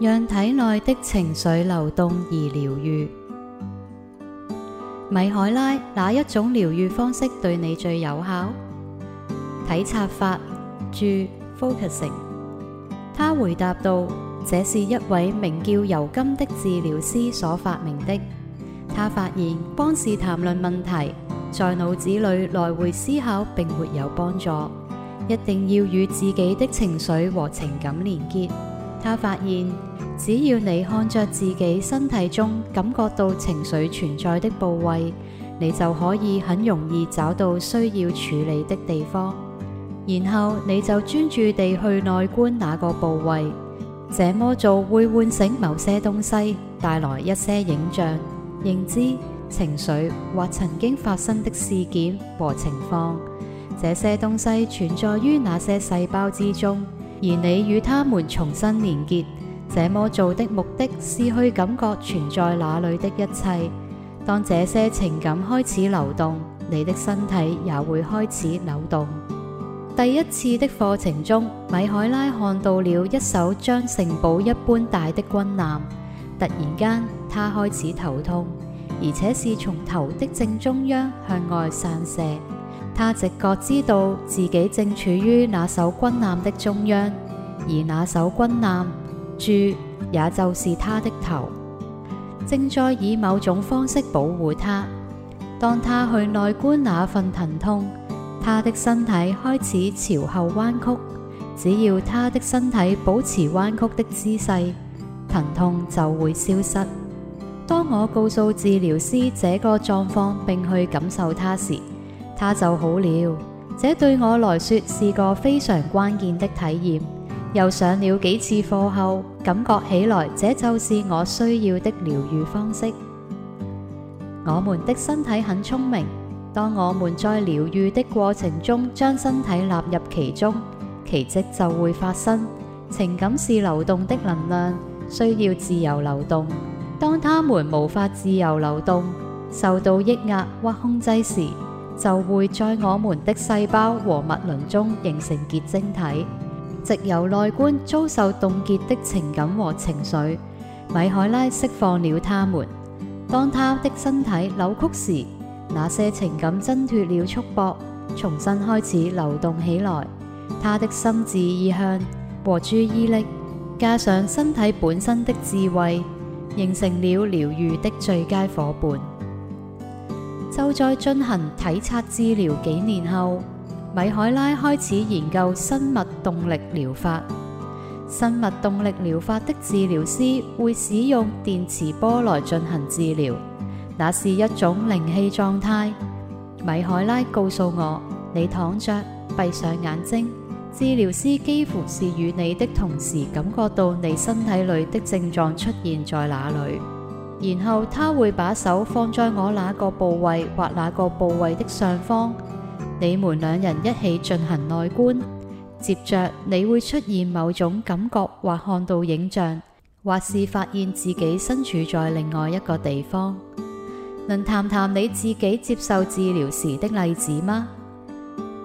讓體內的情緒流動而療癒。米海拉，哪一種療癒方式對你最有效？體察法。注：Focusing。他回答道：這是一位名叫尤金的治療師所發明的。他發現，幫事談論問題，在腦子裏來回思考並沒有幫助，一定要與自己的情緒和情感連結。他發現，只要你看着自己身體中感覺到情緒存在的部位，你就可以很容易找到需要處理的地方。然後你就專注地去內觀那個部位，這麼做會喚醒某些東西，帶來一些影像、認知、情緒或曾經發生的事件和情況。這些東西存在於那些細胞之中。而你與他們重新連結，這麼做的目的是去感覺存在那裡的一切。當這些情感開始流動，你的身體也會開始扭動。第一次的課程中，米海拉看到了一艘將城堡一般大的軍艦，突然間她開始頭痛，而且是從頭的正中央向外散射。他直覺知道自己正處於那艘軍艦的中央，而那艘軍艦，注，也就是他的頭，正在以某種方式保護他。當他去內觀那份疼痛，他的身體開始朝後彎曲。只要他的身體保持彎曲的姿勢，疼痛就會消失。當我告訴治療師這個狀況並去感受他時，他就好了，這對我來說是個非常關鍵的體驗。又上了幾次課後，感覺起來這就是我需要的療愈方式。我們的身體很聰明，當我們在療愈的過程中將身體納入其中，奇蹟就會發生。情感是流動的能量，需要自由流動。當他們無法自由流動，受到抑壓或控制時，就會在我們的細胞和物輪中形成結晶體，藉由內觀遭受凍結的情感和情緒，米海拉釋放了他們。當她的身體扭曲時，那些情感掙脱了束縛，重新開始流動起來。她的心智意向和注意力，加上身體本身的智慧，形成了療愈的最佳伙伴。就在進行體察治療幾年後，米海拉開始研究生物動力療法。生物動力療法的治療師會使用電磁波來進行治療，那是一種靈氣狀態。米海拉告訴我，你躺着，閉上眼睛，治療師幾乎是與你的同時感覺到你身體裏的症狀出現在哪裏。然後他會把手放在我哪個部位或哪個部位的上方，你們兩人一起進行內觀。接着你會出現某種感覺或看到影像，或是發現自己身處在另外一個地方。能談談你自己接受治療時的例子嗎？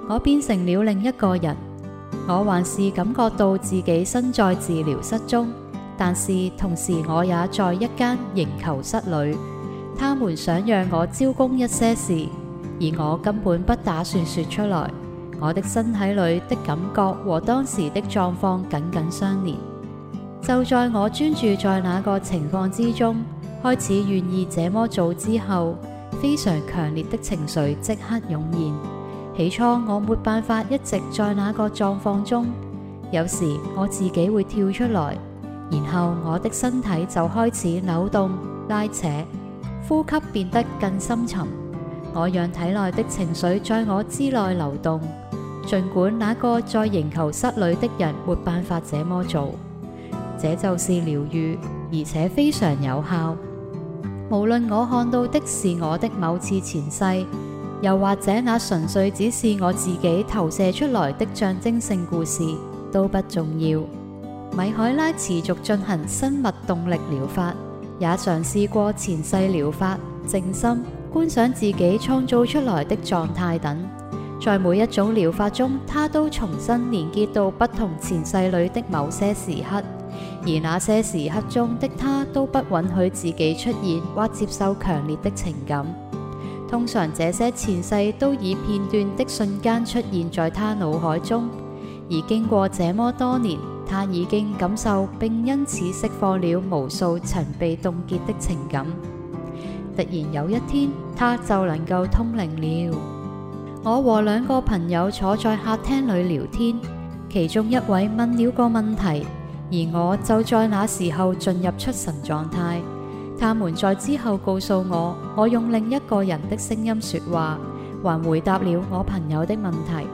我變成了另一個人，我還是感覺到自己身在治療室中。但是同時我也在一間刑求室裏，他們想讓我招供一些事，而我根本不打算說出來。我的身體裏的感覺和當時的狀況緊緊相連。就在我專注在那個情況之中，開始願意這麼做之後，非常強烈的情緒即刻湧現。起初我沒辦法一直在那個狀況中，有時我自己會跳出來。然後我的身體就開始扭動、拉扯，呼吸變得更深沉。我讓體內的情緒在我之內流動，儘管那個在刑求室裏的人沒辦法這麼做。這就是療癒，而且非常有效。無論我看到的是我的某次前世，又或者那純粹只是我自己投射出來的象徵性故事，都不重要。米凱拉持續進行生物動力療法，也嘗試過前世療法、靜心、觀賞自己創造出來的狀態等。在每一種療法中，他都重新連結到不同前世裏的某些時刻，而那些時刻中的他都不允許自己出現或接受強烈的情感。通常這些前世都以片段的瞬間出現在他腦海中，而經過這麼多年。他已經感受並因此釋放了無數曾被凍結的情感。突然有一天，他就能夠通靈了。我和兩個朋友坐在客廳裏聊天，其中一位問了個問題，而我就在那時候進入出神狀態。他們在之後告訴我，我用另一個人的聲音說話，還回答了我朋友的問題。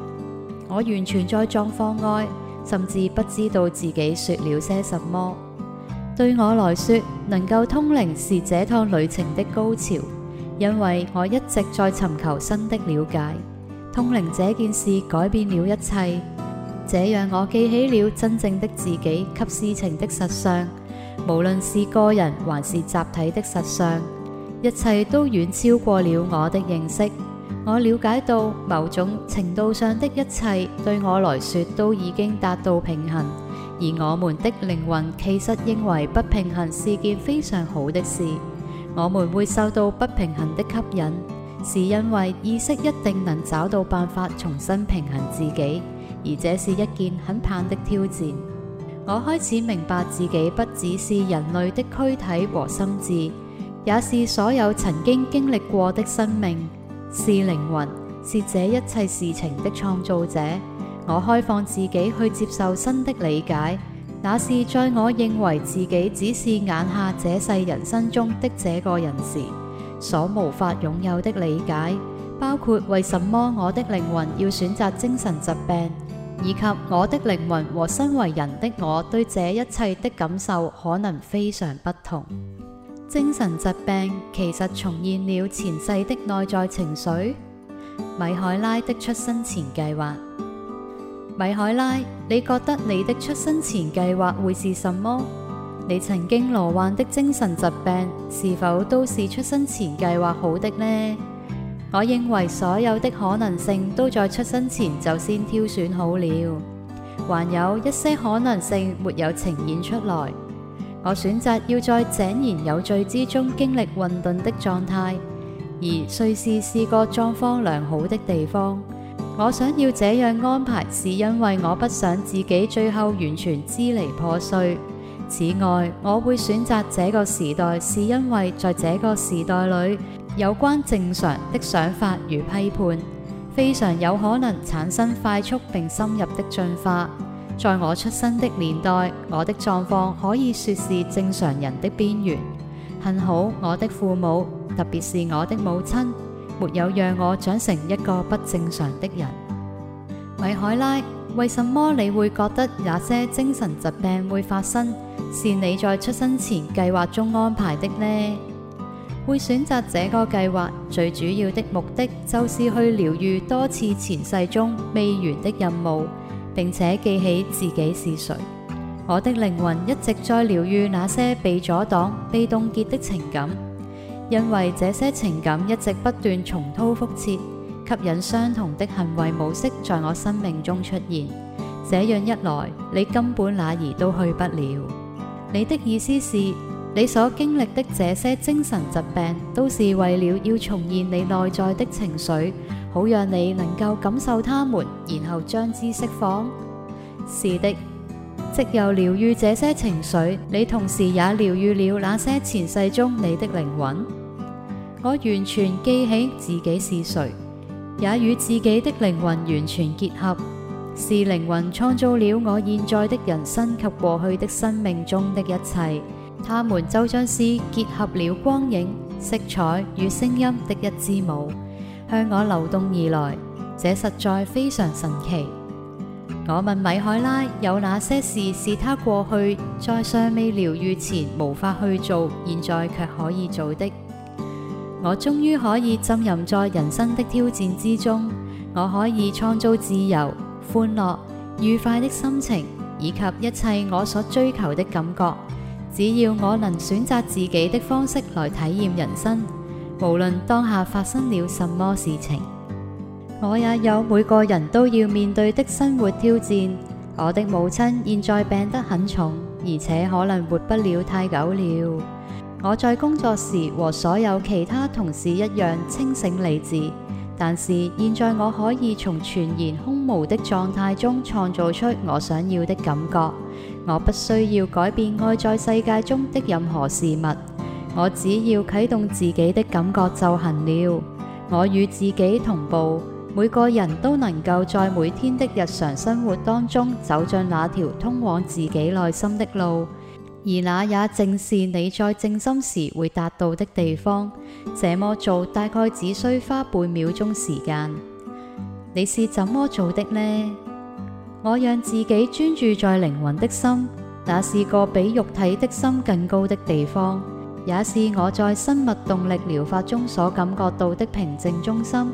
我完全在狀況外。甚至不知道自己說了些什麼。對我來說，能夠通靈是這趟旅程的高潮，因為我一直在尋求新的了解。通靈這件事改變了一切，這讓我記起了真正的自己及事情的實相，無論是個人還是集體的實相，一切都遠超過了我的認識。我了解到某種程度上的一切，對我來說都已經達到平衡。而我們的靈魂其實認為不平衡是件非常好的事。我們會受到不平衡的吸引，是因為意識一定能找到辦法重新平衡自己，而這是一件很棒的挑戰。我開始明白自己不只是人類的軀體和心智，也是所有曾經經歷過的生命。是靈魂，是這一切事情的創造者。我開放自己去接受新的理解，那是在我認為自己只是眼下這世人生中的這個人時，所無法擁有的理解，包括為什麼我的靈魂要選擇精神疾病，以及我的靈魂和身為人的我對這一切的感受可能非常不同。精神疾病其實重現了前世的內在情緒。米凱拉的出生前計劃，米凱拉，你覺得你的出生前計劃會是什麼？你曾經罹患的精神疾病是否都是出生前計劃好的呢？我認為所有的可能性都在出生前就先挑選好了，還有一些可能性沒有呈現出來。我選擇要在井然有序之中經歷混沌的狀態，而瑞士是個狀況良好的地方。我想要這樣安排，是因為我不想自己最後完全支離破碎。此外，我會選擇這個時代，是因為在這個時代裏，有關正常的想法與批判，非常有可能產生快速並深入的進化。在我出生的年代，我的狀況可以說是正常人的邊緣。幸好我的父母，特別是我的母親，沒有讓我長成一個不正常的人。米凱拉，為什麼你會覺得那些精神疾病會發生，是你在出生前計劃中安排的呢？會選擇這個計劃最主要的目的，就是去療癒多次前世中未完的任務。並且記起自己是誰。我的靈魂一直在療癒那些被阻擋、被凍結的情感，因為這些情感一直不斷重蹈覆轍，吸引相同的行為模式在我生命中出現。這樣一來，你根本哪兒都去不了。你的意思是你所經歷的這些精神疾病，都是為了要重現你內在的情緒。好讓你能夠感受他們，然後將之釋放。是的，即有療癒這些情緒，你同時也療癒了那些前世中你的靈魂。我完全記起自己是誰，也與自己的靈魂完全結合。是靈魂創造了我現在的人生及過去的生命中的一切。他們就像是結合了光影、色彩與聲音的一支舞。向我流動而來，這實在非常神奇。我問米凱拉有哪些事是她過去在尚未療癒前無法去做，現在卻可以做的。我終於可以浸淫在人生的挑戰之中，我可以創造自由、歡樂、愉快的心情，以及一切我所追求的感覺。只要我能選擇自己的方式來體驗人生。無論當下發生了什麼事情，我也有每個人都要面對的生活挑戰。我的母親現在病得很重，而且可能活不了太久了。我在工作時和所有其他同事一樣清醒理智，但是現在我可以從全然空無的狀態中創造出我想要的感覺。我不需要改變外在世界中的任何事物。我只要啟動自己的感覺就行了。我與自己同步，每個人都能夠在每天的日常生活當中走進那條通往自己內心的路，而那也正是你在靜心時會達到的地方。這麼做大概只需花半秒鐘時間。你是怎麼做的呢？我讓自己專注在靈魂的心，那是個比肉體的心更高的地方。也是我在生物動力療法中所感覺到的平靜中心，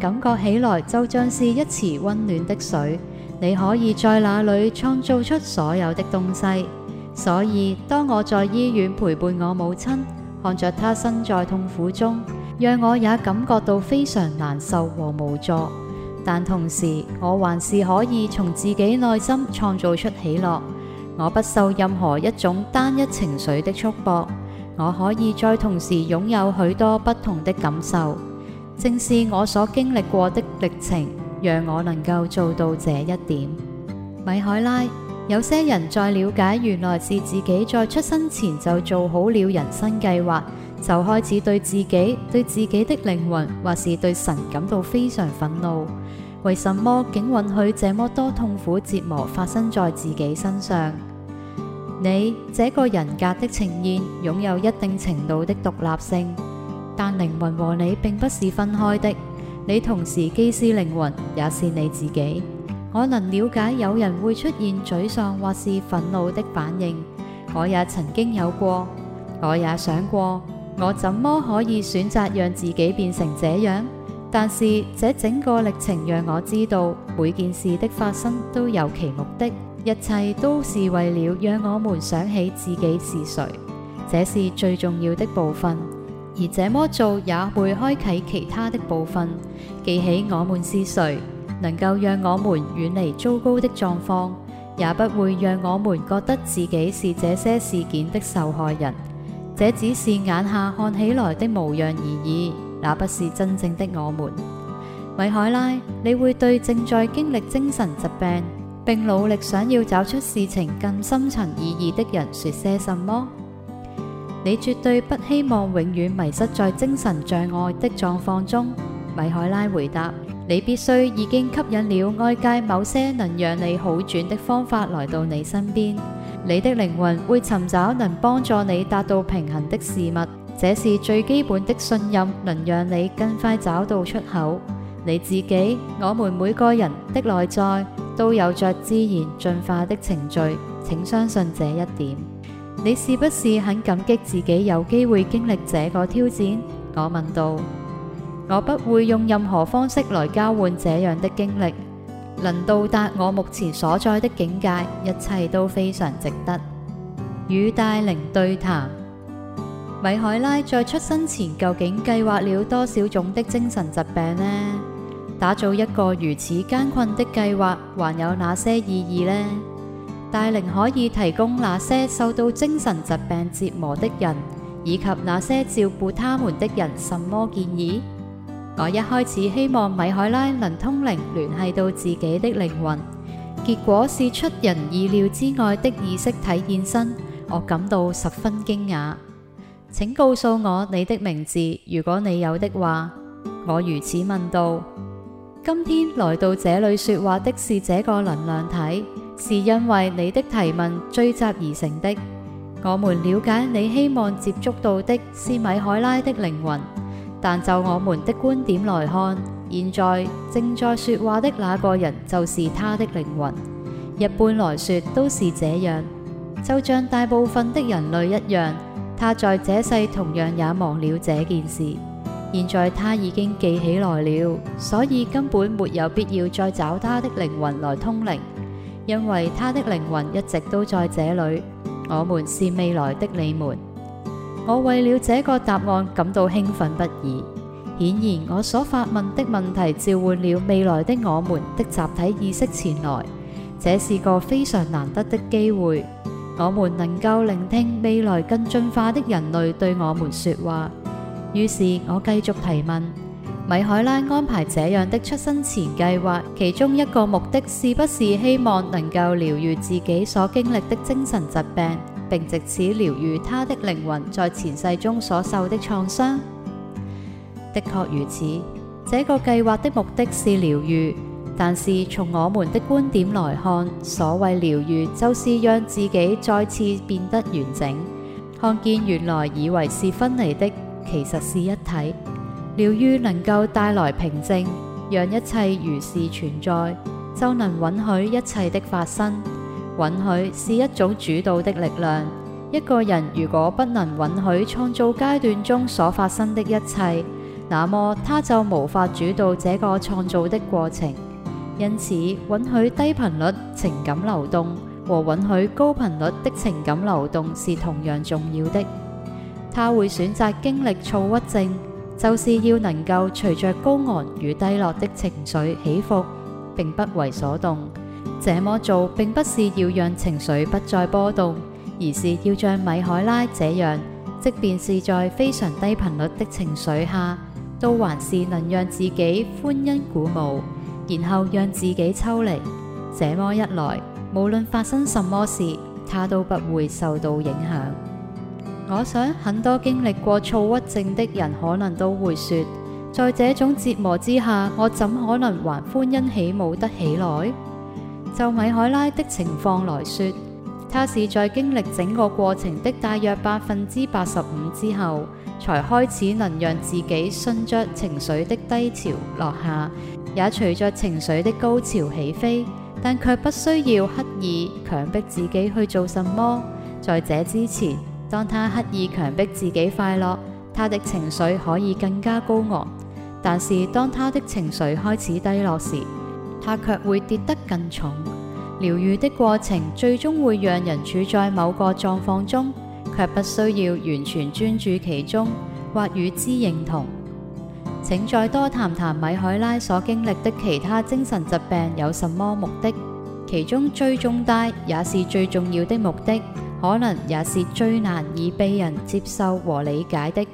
感覺起來就像是一池温暖的水。你可以在那裏創造出所有的東西。所以，當我在醫院陪伴我母親，看着她身在痛苦中，讓我也感覺到非常難受和無助。但同時，我還是可以從自己內心創造出喜樂。我不受任何一種單一情緒的束縛。我可以再同時擁有許多不同的感受，正是我所經歷過的歷程，讓我能夠做到這一點。米凱拉，有些人在了解原來是自己在出生前就做好了人生計劃，就開始對自己、對自己的靈魂或是對神感到非常憤怒。為什麼竟允許這麼多痛苦折磨發生在自己身上？你這個人格的呈現擁有一定程度的獨立性，但靈魂和你並不是分開的。你同時既是靈魂，也是你自己。我能了解有人會出現沮喪或是憤怒的反應，我也曾經有過，我也想過，我怎麼可以選擇讓自己變成這樣。但是這整個歷程讓我知道，每件事的發生都有其目的。一切都是為了讓我們想起自己是誰，這是最重要的部分。而這麼做也會開啟其他的部分。記起我們是誰，能夠讓我們遠離糟糕的狀況，也不會讓我們覺得自己是這些事件的受害人。這只是眼下看起來的模樣而已，那不是真正的我們。米凱拉，你會對正在經歷精神疾病？並努力想要找出事情更深層意義的人說些什麼？你絕對不希望永遠迷失在精神障礙的狀況中。米凱拉回答：你必須已經吸引了外界某些能讓你好轉的方法來到你身邊。你的靈魂會尋找能幫助你達到平衡的事物，這是最基本的信任，能讓你更快找到出口。你自己，我們每個人的內在。都有着自然進化的程序，請相信這一點。你是不是很感激自己有機會經歷這個挑戰？我問道。我不會用任何方式來交換這樣的經歷。能到達我目前所在的境界，一切都非常值得。與大靈對談。米凱拉在出生前究竟計劃了多少種的精神疾病呢？打造一個如此艱困的計劃，還有哪些意義呢？大靈可以提供那些受到精神疾病折磨的人，以及那些照顧他們的人什麼建議？我一開始希望米凱拉能通靈聯繫到自己的靈魂，結果是出人意料之外的意識體現身，我感到十分驚訝。請告訴我你的名字，如果你有的話。我如此問道。今天來到這裏說話的是這個能量體，是因為你的提問聚集而成的。我們了解你希望接觸到的是米凱拉的靈魂，但就我們的觀點來看，現在正在說話的那個人就是他的靈魂。一般來說都是這樣，就像大部分的人類一樣，他在這世同樣也忘了這件事。現在他已經記起來了，所以根本沒有必要再找他的靈魂來通靈，因為他的靈魂一直都在這裏。我們是未來的你們，我為了這個答案感到興奮不已。顯然，我所發問的問題召喚了未來的我們的集體意識前來，這是個非常難得的機會，我們能夠聆聽未來更進化的人類對我們說話。於是我繼續提問：米凱拉安排這樣的出生前計劃，其中一個目的是不是希望能夠療癒自己所經歷的精神疾病，並借此療癒他的靈魂在前世中所受的創傷？的確如此，這個計劃的目的是療癒，但是從我們的觀點來看，所謂療癒就是讓自己再次變得完整，看見原來以為是分離的。其實是一體，療癒能夠帶來平靜，讓一切如是存在，就能允許一切的發生。允許是一種主導的力量。一個人如果不能允許創造階段中所發生的一切，那麼他就無法主導這個創造的過程。因此，允許低頻率情感流動和允許高頻率的情感流動是同樣重要的。他會選擇經歷躁鬱症，就是要能夠隨着高昂與低落的情緒起伏，並不為所動。這麼做並不是要讓情緒不再波動，而是要像米凱拉這樣，即便是在非常低頻率的情緒下，都還是能讓自己歡欣鼓舞，然後讓自己抽離。這麼一來，無論發生什麼事，他都不會受到影響。我想，很多經歷過躁鬱症的人可能都會說，在這種折磨之下，我怎可能還歡欣起舞得起來？就米海拉的情況來說，她是在經歷整個過程的大約百分之八十五之後，才開始能讓自己順著情緒的低潮落下，也隨著情緒的高潮起飛，但卻不需要刻意強迫自己去做什麼。在這之前，當他刻意強迫自己快樂，他的情緒可以更加高昂；但是當他的情緒開始低落時，他卻會跌得更重。療癒的過程最終會讓人處在某個狀況中，卻不需要完全專注其中或與之認同。請再多談談米海拉所經歷的其他精神疾病有什麼目的？其中最重大也是最重要的目的。可能也是最難以被人接受和理解的，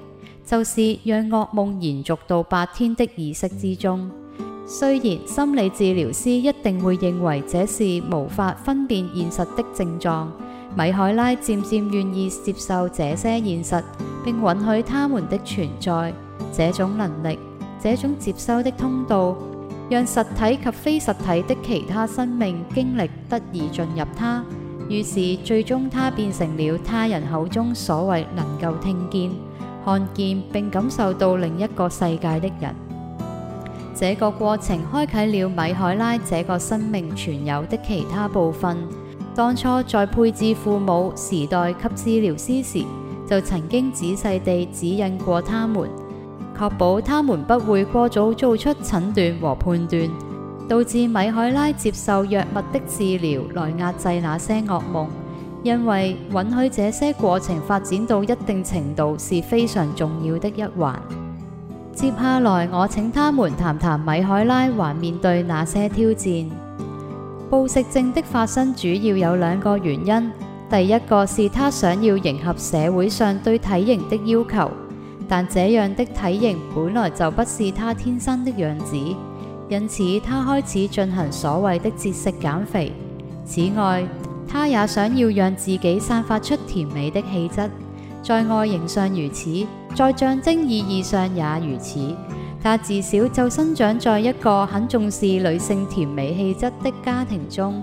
就是讓噩夢延續，續到白天的意識之中。雖然心理治療師一定會認為這是無法分辨現實的症狀，米海拉漸漸願意接受這些現實，並允許他們的存在。這種能力，這種接收的通道，讓實體及非實體的其他生命經歷得以進入他。於是最終，他變成了他人口中所謂能夠聽見、看見並感受到另一個世界的人。這個過程開啟了米凱拉這個生命存有的其他部分。當初在配置父母時代給治療師時，就曾經仔細地指引過他們，確保他們不會過早做出診斷和判斷。導致米凱拉接受藥物的治療來壓制那些噩夢，因為允許這些過程發展到一定程度是非常重要的一環。接下來，我請他們談談米凱拉還面對哪些挑戰。暴食症的發生主要有兩個原因，第一個是她想要迎合社會上對體型的要求，但這樣的體型本來就不是她天生的樣子。因此，他開始進行所謂的節食減肥。此外，他也想要讓自己散發出甜美的氣質，在外形上如此，在象徵意義上也如此。他自小就生長在一個很重視女性甜美氣質的家庭中，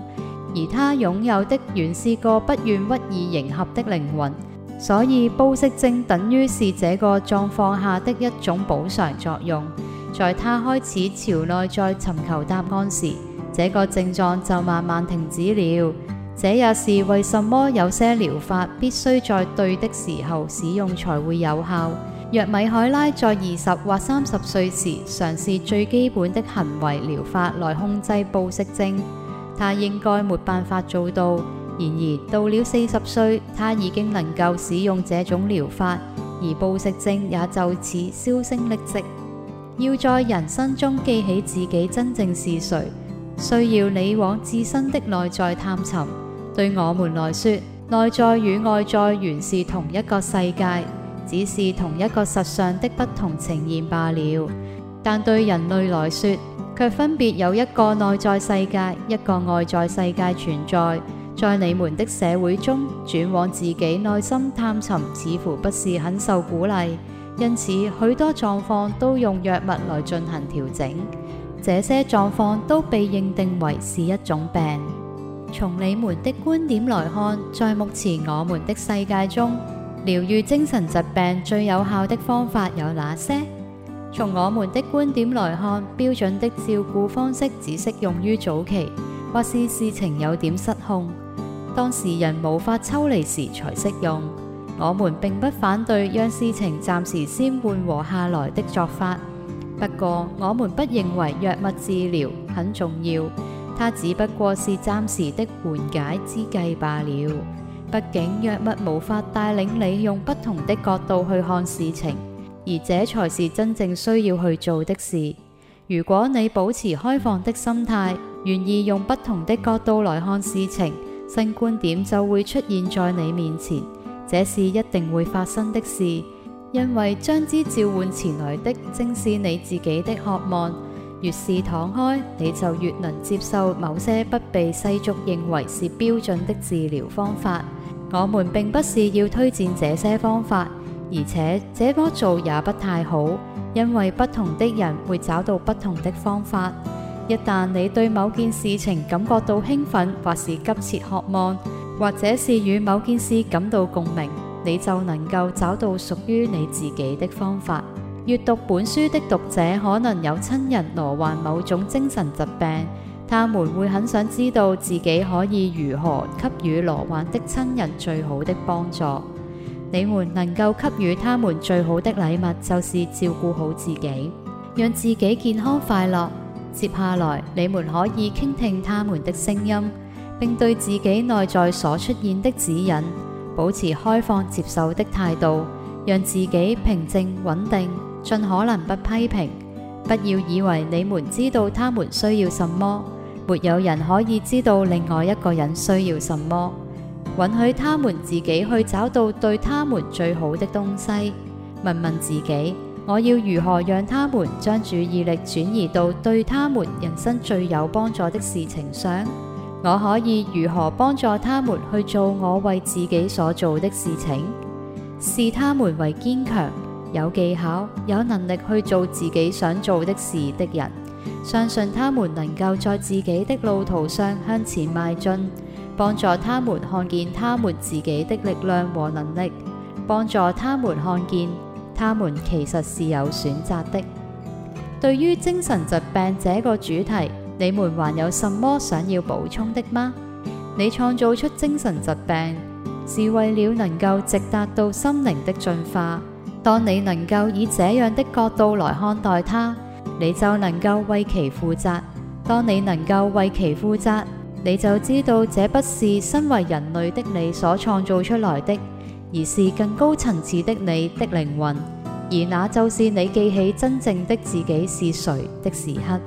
而他擁有的原是個不願屈意迎合的靈魂，所以暴食症等於是這個狀況下的一種補償作用。在他開始朝內在尋求答案時，這個症狀就慢慢停止了。這也是為什麼有些療法必須在對的時候使用才會有效。若米凱拉在二十或三十歲時嘗試最基本的行為療法來控制暴食症，他應該沒辦法做到。然而到了四十歲，他已經能夠使用這種療法，而暴食症也就此銷聲匿跡。要在人生中記起自己真正是誰，需要你往自身的內在探尋。對我們來說，內在與外在原是同一個世界，只是同一個實相的不同呈現罷了。但對人類來說，卻分別有一個內在世界、一個外在世界存在。在你們的社會中，轉往自己內心探尋，似乎不是很受鼓勵。因此，許多狀況都用藥物來進行調整，這些狀況都被認定為是一種病。從你們的觀點來看，在目前我們的世界中，療癒精神疾病最有效的方法有哪些？從我們的觀點來看，標準的照顧方式只適用於早期，或是事情有點失控，當事人無法抽離時才適用。我們並不反對讓事情暫時先緩和下來的做法，不過我們不認為藥物治療很重要，它只不過是暫時的緩解之計罷了。畢竟藥物無法帶領你用不同的角度去看事情，而這才是真正需要去做的事。如果你保持開放的心態，願意用不同的角度來看事情，新觀點就會出現在你面前。這是一定會發生的事，因為將之召喚前來的正是你自己的渴望。越是敞開，你就越能接受某些不被世俗認為是標準的治療方法。我們並不是要推薦這些方法，而且這麼做也不太好，因為不同的人會找到不同的方法。一旦你對某件事情感覺到興奮或是急切渴望，或者是與某件事感到共鳴，你就能夠找到屬於你自己的方法。閱讀本書的讀者可能有親人罹患某種精神疾病，他們會很想知道自己可以如何給予罹患的親人最好的幫助。你們能夠給予他們最好的禮物，就是照顧好自己，讓自己健康快樂。接下來，你們可以傾聽他們的聲音。並對自己內在所出現的指引保持開放接受的態度，讓自己平靜穩定，盡可能不批評。不要以為你們知道他們需要什麼，沒有人可以知道另外一個人需要什麼。允許他們自己去找到對他們最好的東西。問問自己，我要如何讓他們將注意力轉移到對他們人生最有幫助的事情上？我可以如何幫助他們去做我為自己所做的事情？視他們為堅強、有技巧、有能力去做自己想做的事的人，相信他們能夠在自己的路途上向前邁進，幫助他們看見他們自己的力量和能力，幫助他們看見他們其實是有選擇的。對於精神疾病這個主題，你們還有什麼想要補充的嗎？你創造出精神疾病是為了能夠直達到心靈的進化。當你能夠以這樣的角度來看待它，你就能夠為其負責。當你能夠為其負責，你就知道這不是身為人類的你所創造出來的，而是更高層次的你的靈魂。而那就是你記起真正的自己是誰的時刻。